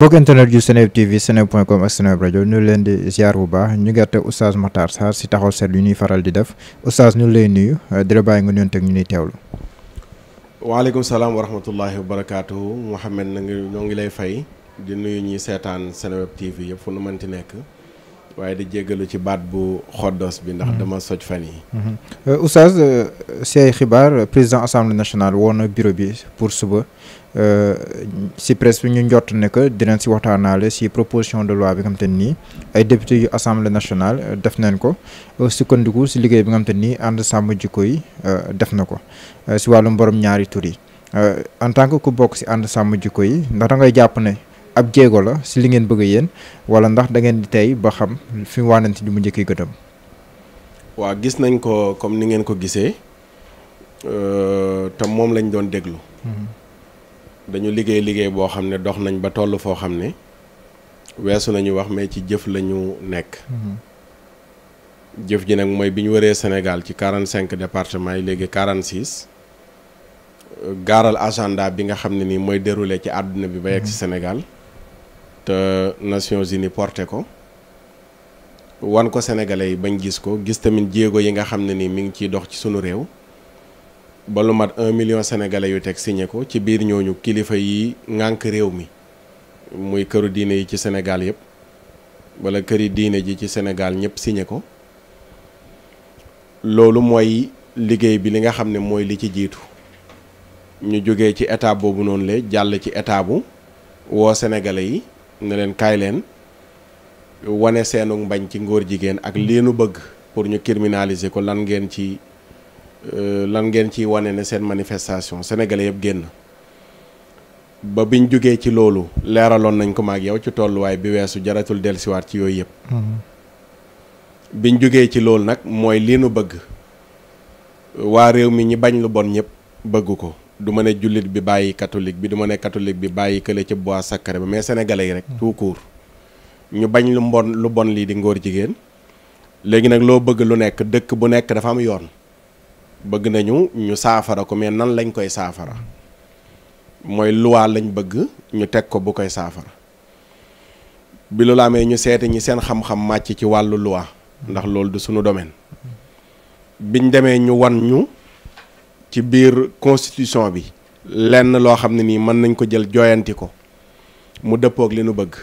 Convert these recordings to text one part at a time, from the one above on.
mbokk internet yu Seneweb TV seneweb.com ak Seneweb rajo ñu leen di ziar bu baax ñu ngi àtte oustaz Makhtar Sarr si taxaw yu ñuy faral di def oustaz ñu lay nuyu di la bàyyi nga nuyoon teg ñu ñuy teewlu. waaleykum salaam wa rahmatullahi wa barakaatu Mouhamed na ñoo ngi lay fay di nuyu ñuy seetaan Seneweb TV yëpp fu nu nekk waaye di jéggalu ci baat bu xoddos bi ndax mhm. dama soj fan yi. Mhm. Euh, oustaz euh, si xibaar président assemblée nationale woo na bureau bi pour suba. si euh, presse bi ñu njort ne que dinañ si waxtaanaale si proposition de loi bi nga xam te nii ay député yu assemblée nationale euh, def nañ ko euh, sukkandiku si liggéey bi nga xam te nii ànd sàmm jikko yi def na ko si wàllum borom ñaari tur yi en tant que ku bokk si ànd sàmm jikko yi ndax da ngay jàpp ne ab jéego la si li ngeen bëgg yéen wala ndax da ngeen di tey ba xam fi waanante si di mu njëkki gëdëm waaw gis nañ ko comme ni ngeen ko gisee te moom lañ doon déglu. Mm-hmm. dañu liggéey liggéey boo xam ne dox nañ ba toll foo xam ne weesu nañu wax mais ci jëf lañu nekk mhm. jëf ji nag mooy bi ñu waree Sénégal ci quarante cinq départements yi léegi quarante six gaaral agenda bi nga xam ne nii mooy déroulé ci àdduna bi ba yegg si mhm. Sénégal te Nations Unies porté ko wan ko sénégalais yi bañ gis ko gis tamit jéego yi nga xam ne nii mi ngi ciy dox ci sunu réew ba lu un million sénégalais yu teg signé ko ci biir ñooñu kilifa yi ŋànk réew mi muy këru diine yi ci senegal yëpp wala këri diine ji ci senegal ñëpp siñe ko loolu mooy liggéey bi li nga xam ne mooy li ci jiitu ñu jóge ci état boobu noonu la jàll ci état bu woo sénégalais yi ne leen kaay leen wane seenu mbañ ci ngóor jigéen ak lii bëgg pour ñu criminaliser ko lan ngeen ci Euh, lan ngeen ci wane ne seen manifestation sénégalais yëpp génn ba biñ jógee ci loolu leeraloon nañ ko maag yow ci tolluwaay bi weesu jaratul dellusiwaat ci yooyu yëpp. Mm-hmm. biñ jógee ci loolu nag mooy lii nu bëgg waa réew mi ñi bañ lu bon ñëpp bëgg ko du ma ne jullit bi bàyyi catholique bi du ma ne catholique bi bàyyi kële ci bois sacré ba mais sénégalais yi rek. Mm-hmm. tout court ñu bañ lu mbon lu bon lii di ngóor jigéen. léegi nag loo bëgg lu nekk dëkk bu nekk dafa am yoon. bëgg nañu ñu saafara ko mais nan lañ koy saafara mooy luwaa lañ bëgg ñu teg ko bu koy saafara bi loolu amee ñu seeti ñi seen xam-xam màcc ci wàllu luwaa ndax loolu du suñu domaine biñ demee ñu wan ñu ci biir constitution bi lenn loo xam ne nii mën nañ ko jël jooyanti ko mu dëppoog li nu bëgg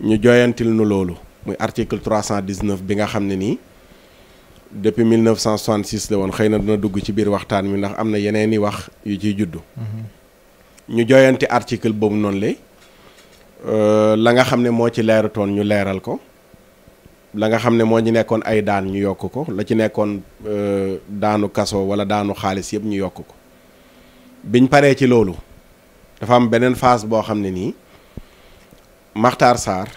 ñu jooyantil nu loolu muy article 319 bi nga xam ne nii depuis 1966 la woon xëy na dina dugg ci biir waxtaan mi ndax am na yeneen i wax yu ciy juddu. Mm-hmm. ñu joyanti article boobu noonu lay euh, la nga xam ne moo ci leeratoon ñu leeral ko la nga xam ne moo ñu nekkoon ay daan ñu yokk ko la ci nekkoon euh, daanu kaso wala daanu xaalis yëpp ñu yokk ko biñ paree ci loolu dafa am beneen phase boo xam ne nii Makhtar Sarr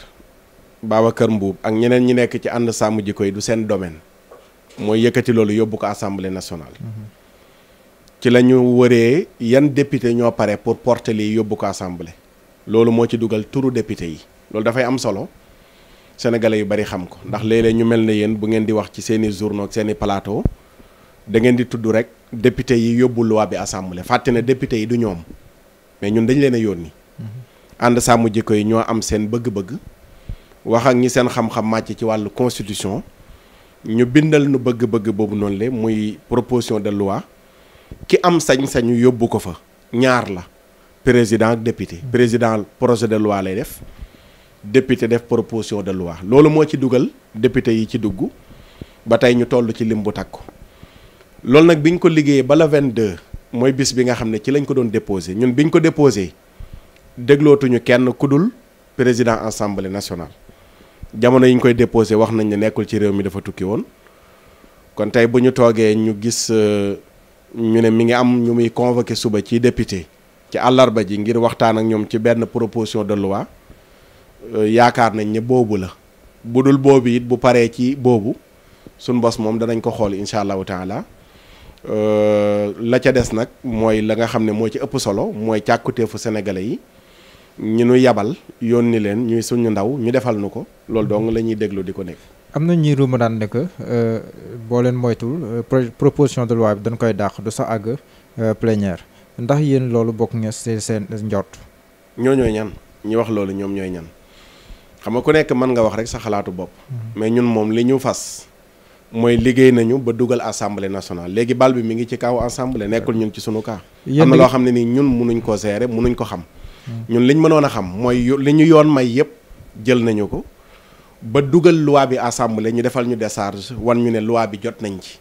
kër Mbuub ak ñeneen ñi nekk ci ànd sàmm ko yi du seen domaine mooy yëkkati loolu yóbbu ko assemblée nationale. ci la ñu wëree yan député ñoo pare pour porter lii yóbbu ko assemblée. loolu moo ci dugal turu député yi loolu dafay am solo sénégalais yu bari xam ko ndax léeg ñu mel ne yéen bu ngeen di wax ci seeni journaux seeni plateau da ngeen di tudd rek député yi yóbbu loi bi assemblée fàtte ne député yi du ñoom mais ñun dañu leen a yónni. ànd sàmm jikko yi ñoo am seen bëgg-bëgg wax ak ñi seen xam-xam màcc ci wàllu constitution. ñu bindal nu bëgg-bëgg boobu noonu le muy proposition de loi ki am sañ-sañu yóbbu ko fa ñaar la président ak député président projet de loi lay def député def proposition de loi loolu moo ci dugal député yi ci dugg ba tey ñu toll ci lim bu ko loolu nag bi ñu ko liggéeyee bala vingt 22 mooy bis bi nga xam ne ci lañ ko doon déposé ñun bi ñu ko déposé déglootuñu kenn ku dul président assemblée nationale jamono yi ñu koy déposé wax nañ ne nekkul ci réew mi dafa tukki woon kon tey bu ñu toogee ñu gis euh, ñu ne mi ngi am ñu muy convoqué suba ci député ci àllarba ji ngir waxtaan ak ñoom ci benn proposition de loi euh, yaakaar nañ ne boobu la bu dul boobu it bu paree ci boobu suñ mbos moom danañ ko xool incha allah taala euh, la ca des nag mooy la nga xam ne moo ci ëpp solo mooy càkkuteefu sénégalais yi ñu nu yabal yónni leen ñuy suñu ndaw ñu defal nu ko loolu dong la ñuy déglu di ko nekk. am na ñuy ruuma daan ne que euh, boo leen moytul euh, proposition de loi bi dañ koy dàq du sa àgg euh, plénière ndax yéen loolu bokk nga seen seen njort. ñoo ñooy ñan ñi wax loolu ñoom ñooy ñan xam nga ku nekk mën nga wax rek sa xalaatu bopp. Mm-hmm. mais ñun moom li ñu fas. mooy liggéey nañu ba dugal assemblée nationale léegi bal bi mi ngi ci kaw assemblée nekkul ñun ci sunu cas. am na loo xam ne nii ñun munuñ ko gérer munuñ ko xam. ñun liñ mënoon a xam mooy li ñu yoon may yëpp jël nañu ko ba dugal loi bi assemblée ñu defal ñu décharge wan ñu ne loi bi jot nañ ci.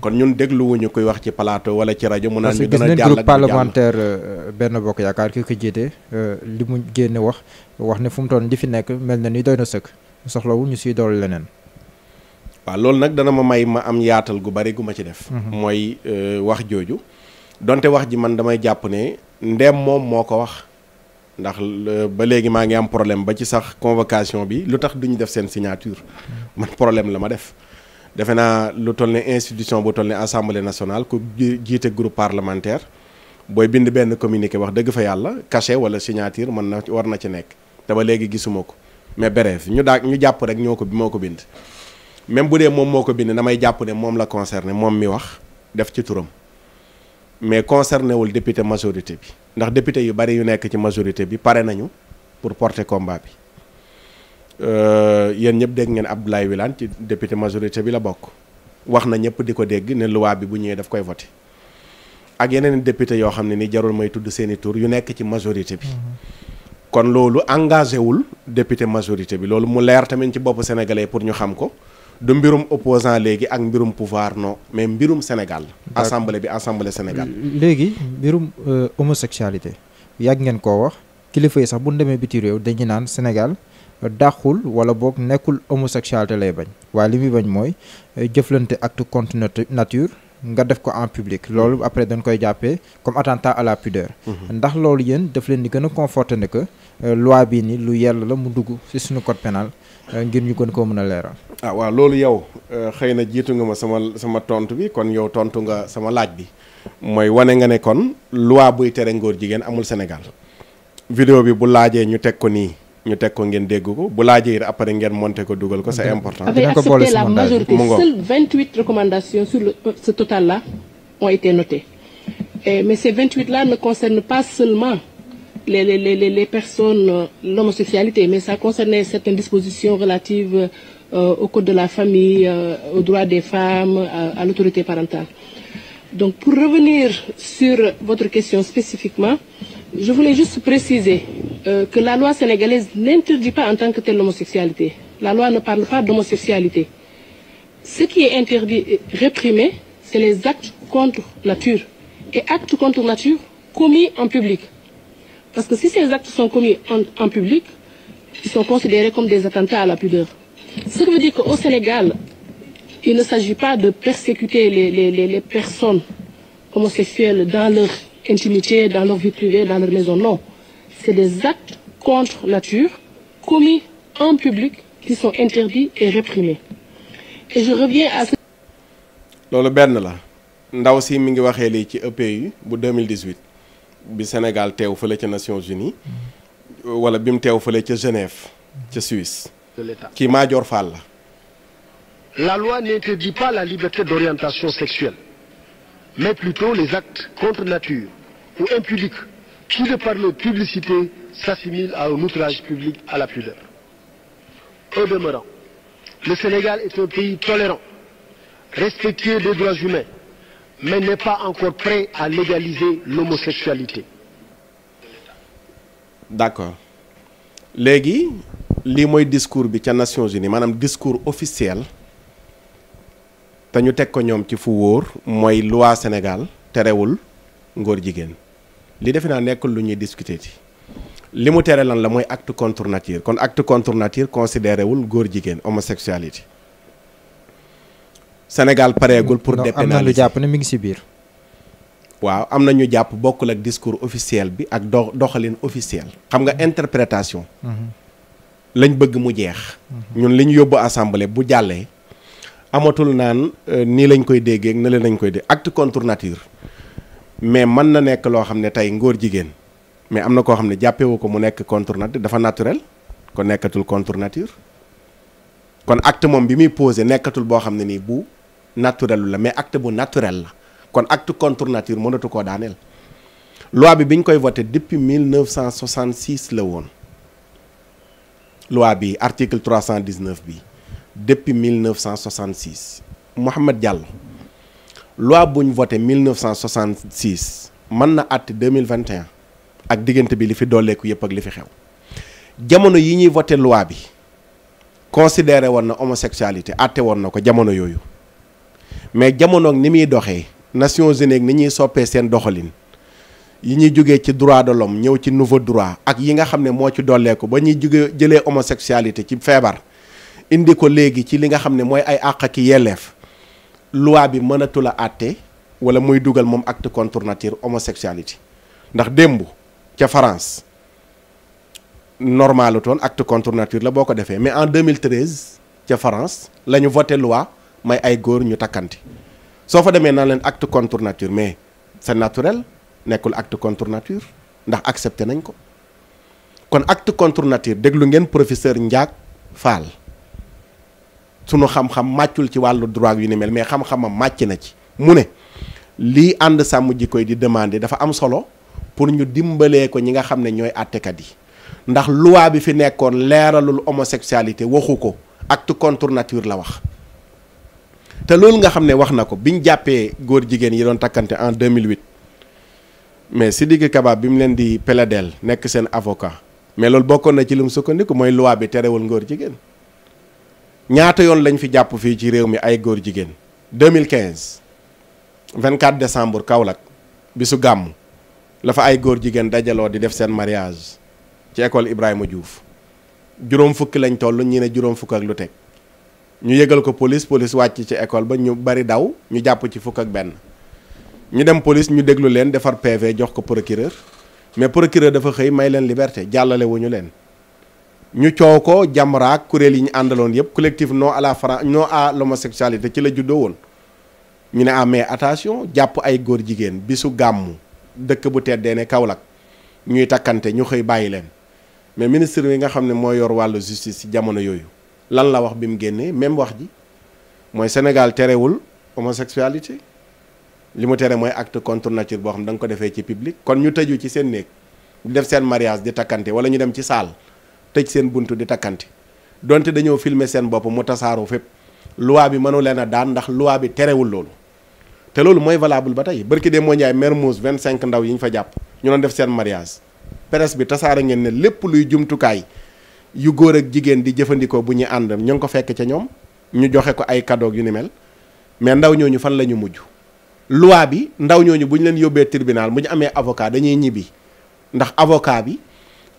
kon ñun dégluwuñu koy wax ci palaato wala ci rajo. mu naan ñu dana jàll ak groupe parlementaire euh, benn bokk yaakaar ki ko jiite euh, li mu génne wax wax ne fu mu toll li fi nekk mel na ni doy na sëkk soxlawul ñu siy dool leneen. waaw loolu nag dana ma may ma am yaatal gu bari gu ma ci def. Mhm. mooy euh, wax jooju donte wax ji man damay jàpp ne ndem moom moo ko wax. ndax euh, ba léegi maa ngi am problème ba ci sax convocation bi lu tax duñu def seen signature man problème la ma def defe naa lu toll ne institution bu toll ne assemblée nationale ku jiite groupe parlementaire booy bind benn communiqué wax dëgg fa yàlla cachet wala signature mën na war na ci nekk te ba léegi gisuma ko mais bref ñu daa ñu jàpp rek ñoo ko moo ko bind même bu dee moom moo ko bind may jàpp ne moom la concerné moom mi wax def ci turam mais concerné wul député majorité bi ndax député yu bari yu nekk ci majorité bi pare nañu pour porter komba bi euh, yéen ñëpp dégg ngeen Abdoulaye Wilane ci député majorité bi la bokk wax na ñëpp di ko dégg ne luwaa bi bu ñëwee daf koy voté ak yeneen député yoo xam ne ni jarul may tudd seeni tur yu nekk ci majorité bi mm-hmm. kon loolu engagé wul député majorité bi loolu mu leer tamit ci bopp sénégalais pour ñu xam ko du mbirum opposant léegi ak mbirum pouvoir no mais mbirum Sénégal assemblée bi assemblée Sénégal léegi mbirum euh, homosexualité yàgg ngeen ko wax kilifa yi sax bu ñu demee biti réew dañu naan Sénégal euh, dàqul wala boog nekkul homosexualité lay bañ waaye li muy bañ mooy euh, jëflante acte contre nature nga def ko en public loolu mm-hmm. après dañ koy jàppee comme attentat à la pudeur mm-hmm. ndax loolu yéen daf leen di gën a conforté ne que loi bii ni lu yell la mu dugg ci suñu code pénal Euh, ngir ñu gën ko mën a leeral. ah waaw loolu yow euh, xëy na jiitu nga ma sama sama tont bi kon yow tontu nga sama laaj bi mooy wane nga ne kon loi buy tere ngóor jigéen amul Sénégal. vidéo bi bu laajee ñu teg ko nii ñu teg ko ngeen dégg ko bu laajee it après ngeen monté ko dugal ko sa important. dina ko boole la majorité seules 28 recommandations sur le euh, ce total là ont été notées et mais ces 28 là ne concernent pas seulement. les, les, les, les personnes, euh, l'homosexualité, mais ça concernait certaines dispositions relatives euh, au de la famille, euh, aux droits des femmes, à, à l'autorité parentale. Donc pour revenir sur votre question spécifiquement, je voulais juste préciser euh, que la loi sénégalaise n'interdit pas en tant que telle l'homosexualité. La loi ne parle pas d'homosexualité. Ce qui est interdit et réprimé, c'est les actes contre nature. Et actes contre nature commis en public. Parce que si ces actes sont commis en, en public, ils sont considérés comme des attentats à la pudeur. Ce qui veut dire qu'au Sénégal, il ne s'agit pas de persécuter les, les, les, les personnes homosexuelles dans leur intimité, dans leur vie privée, dans leur maison. Non. C'est des actes contre nature commis en public qui sont interdits et réprimés. Et je reviens à ce. loolu benn la ndaw si mi ngi waxee lii ci EPU bu 2018. bi Sénégal teew fële ca Nations Unies wala bi mu teew fële ca Genève ca Suisse kii Madior Fall la loi n'interdit pas la liberté d'orientation sexuelle mais plutôt les actes contre nature ou impudiques qui de par leur publicité s'assimilent à un outrage public à la pudeur au demeurant le Sénégal est un pays tolérant respectueux des droits humains mais n'est pas encore prêt à légaliser l'homosexualité d'accord léegi lii mooy discours bi ca Nations Unies maanaam discours officiel te ñu teg ko ñoom ci fu wóor mooy loi Sénégal terewul ngóor jigéen li defe naa nekkul lu ñuy discuter ci li mu tere lan la mooy acte contre kon acte contre nature considéré góor jigéen homosexualité Sénégal pareegul pour dépénaliser am lu jàpp ne mi ngi si biir. waaw am na ñu jàpp bokkul ak discours officiel bi ak do doxalin officiel. xam nga mhm. interprétation. Mhm. lañ bëgg mu jeex. Mhm. ñun li ñu yóbbu assemblée bu jàllee. amatul naan euh, nii lañ koy déggee na leen lañ koy dégg acte contre nature. mais mën na nekk loo xam ne tey ngóor jigéen. mais am na koo xam ne jàppewu ko mu nekk contre nature dafa naturel. ko nekkatul contre nature. kon act moom bi muy posé nekkatul boo xam ne nii bu naturel la mais act bu naturel la kon act contre nature mënatu koo daaneel loi bi biñ koy voté depuis 1966 la woon loi bi article 319 bi depuis 1966 Mouhamed Diallo loi buñ voté 1966 mën na àtt 2021 ak diggante bi li fi dolleeku yëpp ak li fi xew jamono yi ñuy voté loi bi considéré woon na homosexualité àtte woon na ko jamono yooyu mais jamonoog ni muy doxee Nations Unies ni ñuy soppee seen doxalin yi ñuy jógee ci droit de l'homme ñëw ci nouveau droit ak yi nga xam ne moo ci dollee ko ba ñuy jóge jëlee homosexualité ci feebar indi ko léegi ci li nga xam ne mooy ay àq ki yelleef loi bi mënatul a àtte wala muy dugal moom act contre nature homosexualité ndax démb ca France normal toon acte contre nature la boo ko defee mais en 2013 ca France la ñu voté loi may ay góor ñu takkanti soo fa demee naan leen acte contre nature mais c'est naturel nekkul acte contre nature ndax accepté nañ ko kon acte contre nature déglu ngeen professeur Ndiak Fall sunu xam-xam màccul ci wàllu droit yu ni mel mais xam-xamam màcc na ci mu ne lii ànd sàmm ji yi di demander dafa am solo pour ñu dimbalee ko ñi nga xam ne ñooy àttekat yi ndax loi bi fi nekkoon leeralul homosexualité waxu ko acte contre nature la wax te loolu nga xam ne wax na ko biñ jàppee góor jigéen yi doon takkante en 2008 mais Sidiki Kaba bi mu leen di peladeel nekk seen avocat mais loolu bokkoon na ci li mu sukkandiku mooy loi bi terewul ngóor jigéen ñaata yoon lañu fi jàpp fii ci réew mi ay góor jigéen 2015 24 décembre Kaolack bisu gàmm lafa ay góor jigéen dajaloo di def seen mariage ci école Ibrahima Diouf juróom fukki lañ toll ñi ne juróom fukk ak lu teg ñu yëgal ko police police wàcc ci école ba ñu bari daw ñu jàpp ci fukk ak benn ñu dem police ñu déglu leen defar PV jox ko procureur mais procureur dafa xëy may leen liberté jàllale wu ñu leen ñu coow ko jàmmaraak kuréel yi ñu àndaloon yëpp collectif no à la fran non à l'homosexualité ci la juddoo woon ñu ne amee ah, attention jàpp ay góor jigéen bisu gàmmu dëkk bu teddee ne Kaolack ñuy takkante ñu xëy bàyyi leen mais ministre bi nga xam ne moo yor wàllu justice ci jamono yooyu lan la wax bi mu génnee même wax ji mooy Sénégal terewul homosexualité li mu tere mooy acte contre boo xam da nga ko defee ci public kon ñu tëju ci seen néeg di def seen mariage di takkante wala ñu dem ci saal tëj seen bunt di takkante donte dañoo filmer seen bopp mu tasaaroo fépp loi bi mënu leen a daan ndax loi bi terewul loolu te loolu mooy valable ba tey barki de moo Ndiaye Mermoz 25 ndaw yi ñu fa jàpp ñu doon def seen mariage presse bi tasaare ngeen ne lépp luy jumtukaay yu góor ak jigéen di jëfandikoo bu ñu ànd ñoo ngi ko fekk ca ñoom ñu joxe ko ay cadeau yu ni mel mais ndaw ñoo ñu fan la ñu mujj loi bi ndaw ñooñu bu ñu leen yóbbee tribunal bu ñu amee avocat dañuy ñibbi ndax avocat bi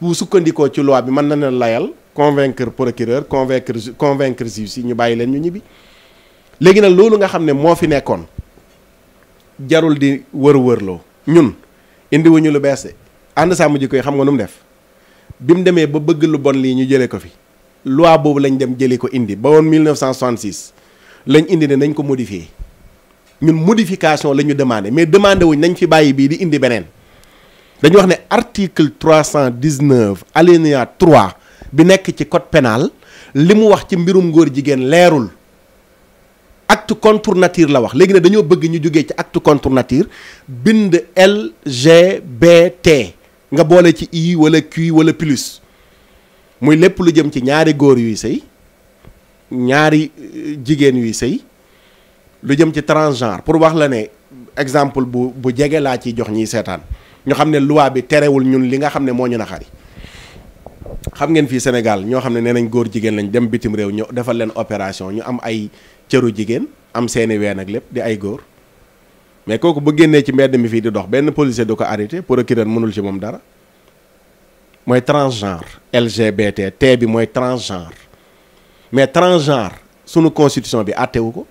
bu sukkandikoo ci loi bi mën na leen layal convaincre procureur convaincre convaincre juge si ñu bàyyi leen ñu ñibbi léegi nag loolu nga xam ne moo fi nekkoon jarul di wër-wërloo ñun indiwuñu lu bees ànd sàmm jikko yi xam nga nu mu def bi mu demee ba bëgg lu bon lii ñu jëlee ko fi loi boobu lañ dem jëlee ko indi ba woon 1966 lañ indi ne nañ ko modifier ñun modification la ñu demandé mais demandé wuñ nañ fi bàyyi bii di indi beneen dañu wax ne article 319 alinéa 3 bi nekk ci code pénal li mu wax ci mbirum ngóor jigéen leerul acte contre nature la wax léegi ne dañoo bëgg ñu jógee ci acte contre nature bind LGBT nga boole ci i wala q wala plus muy lépp lu jëm ci ñaari góor yuy sëy ñaari euh, jigéen yuy sëy lu jëm ci transgenre pour wax la ne exemple bu bu jege laa ciy jox ñi seetaan ñu xam ne luwaa bi terewul ñun li nga xam ne moo ñu xari xam ngeen fii Sénégal ñoo xam ne nee nañ góor jigéen lañ dem bitim réew ñu defal leen opération ñu am ay cëru jigéen am seeni ween ak lépp di ay góor mais kooku ba génnee ci mbedd mi fii di dox benn policier du ko arrêté procureur mënul ci moom dara mooy transgenre LGBT T bi mooy transgenre mais transgenre sunu constitution bi àttewu ko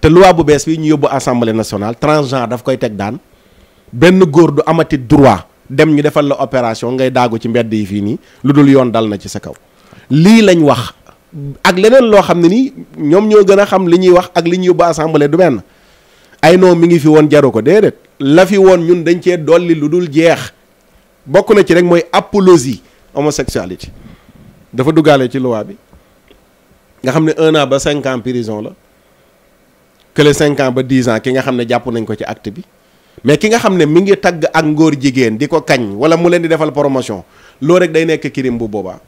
te loi bu bees bi ñu yóbbu assemblée nationale transgenre daf koy teg daan benn góor du amati droit dem ñu defal la opération ngay daagu ci mbedd yi fii nii lu dul yoon dal na ci sa kaw lii lañ wax ak leneen loo xam ne nii ñoom ñoo gën a xam li ñuy wax ak li ñu yóbbu assemblée du benn ay no mi ngi fi woon jaru ko déedéet la fi woon ñun dañ cee dolli lu dul jeex bokk na ci rek mooy apologie homosexualité dafa duggaale ci loi bi nga xam ne un an ba cinq ans prison la que les cinq ba dix ans ki nga xam ne jàpp nañ ko ci act bi mais ki nga xam ne mi ngi tagg ak ngóor jigéen di ko kañ wala mu leen di defal promotion loo rek day nekk crime bu boobaa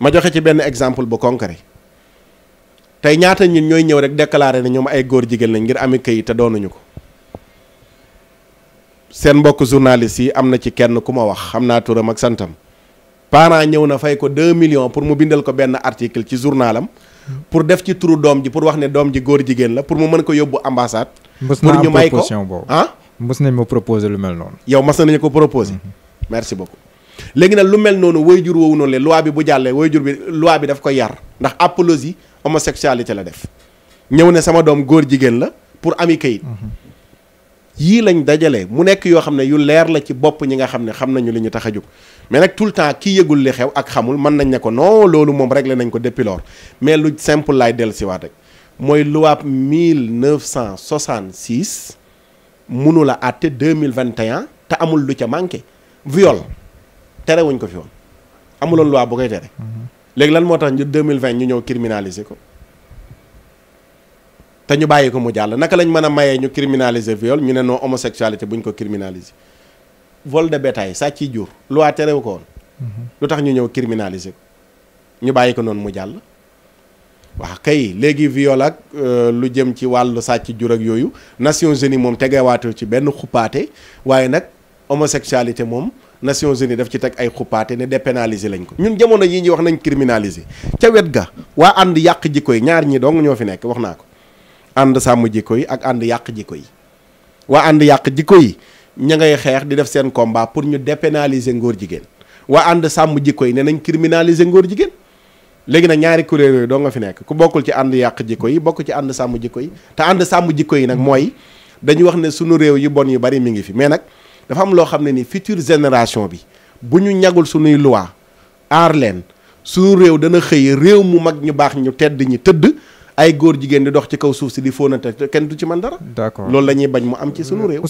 ma joxe ci benn exemple bu concret tey ñaata ñun ñooy ñëw rek déclaré ne ñoom ay góor jigéen lañ ngir ami këyit te doonuñu ko seen mbokk journaliste yi am na ci kenn ku ma wax xam naa turam ak santam parent ñëw na fay ko 2 million pour mu bindal ko benn article ci journalam pour def ci turu doom ji pour wax ne doom ji góor jigéen la pour mu mën ko yóbbu ambassade. pour ñu may ko ah. mës nañ ma proposer lu mel noonu. yow mës nañu ko proposer. Mm-hmm. merci beaucoup léegi nag lu mel noonu wayjur woowu noonu la bi bu jàllee wayjur bi loi bi daf koy yar ndax apologie homosexualité la def ñëw ne sama doom góor jigéen la pour ami kayit yii lañ dajale mu nekk yoo xam ne yu leer la ci bopp ñi nga xam ne xam nañu li ñu tax a jóg mais nag tout le temps ki yëgul li xew ak xamul mën nañ ne ko non loolu moom réglé nañ ko depuis lors mais lu simple laay dellu siwaat rek mooy loi 1966 mënu la àtte 2021 te amul lu ca manqué viol wuñ ko fi woon amuloon loi bu koy tere mm-hmm. léegi lan moo tax ñu 2020 ñu ñëw criminaliser ko te ñu bàyyi ko mu jàll naka lañ mën a mayee ñu criminaliser viole ñu ne noo non bu buñ ko criminaliser vol de bétail sàcc yi jur loi terew ko woon mhm. lu tax ñu ñëw criminaliser ko ñu bàyyi ko noonu mu jàll waaw kay léegi viol ak euh, lu jëm ci wàllu sàcc jur ak yooyu Nations Unies moom tegewaatul ci benn xuppaate waaye nag homosexualité moom Nations Unies daf ci teg ay xuppaate ne dépénaliser lañ ko ñun jamono yii ñu wax nañ criminaliser ca wet ga waa ànd yàq jikko yi ñaar ñi dong ñoo fi nekk wax naa ko ànd sàmm jikko yi ak ànd yàq jikko yi waa ànd yàq jikko yi ña ngay xeex di def seen combat pour ñu dépénaliser ngóor jigéen waa ànd sàmm jikko yi ne nañ criminaliser ngóor jigéen léegi na ñaari kuréel yooyu doo nga fi nekk ku bokkul ci ànd yàq jikko yi bokk ci ànd sàmm jikko yi te ànd sàmm jikko yi nag mooy dañu wax ne sunu réew yi bon yi bari mu ngi fi mais nag dafa am loo xam ne ni future génération bi bu ñu ñagul suñuy loi aar leen suñu réew dana xëy réew mu mag ñu baax ñu tedd ñi tëdd ay góor jigéen di dox ci kaw suuf si di fóonante kenn du ci man dara. d'accord loolu la ñuy bañ mu am ci suñu réew.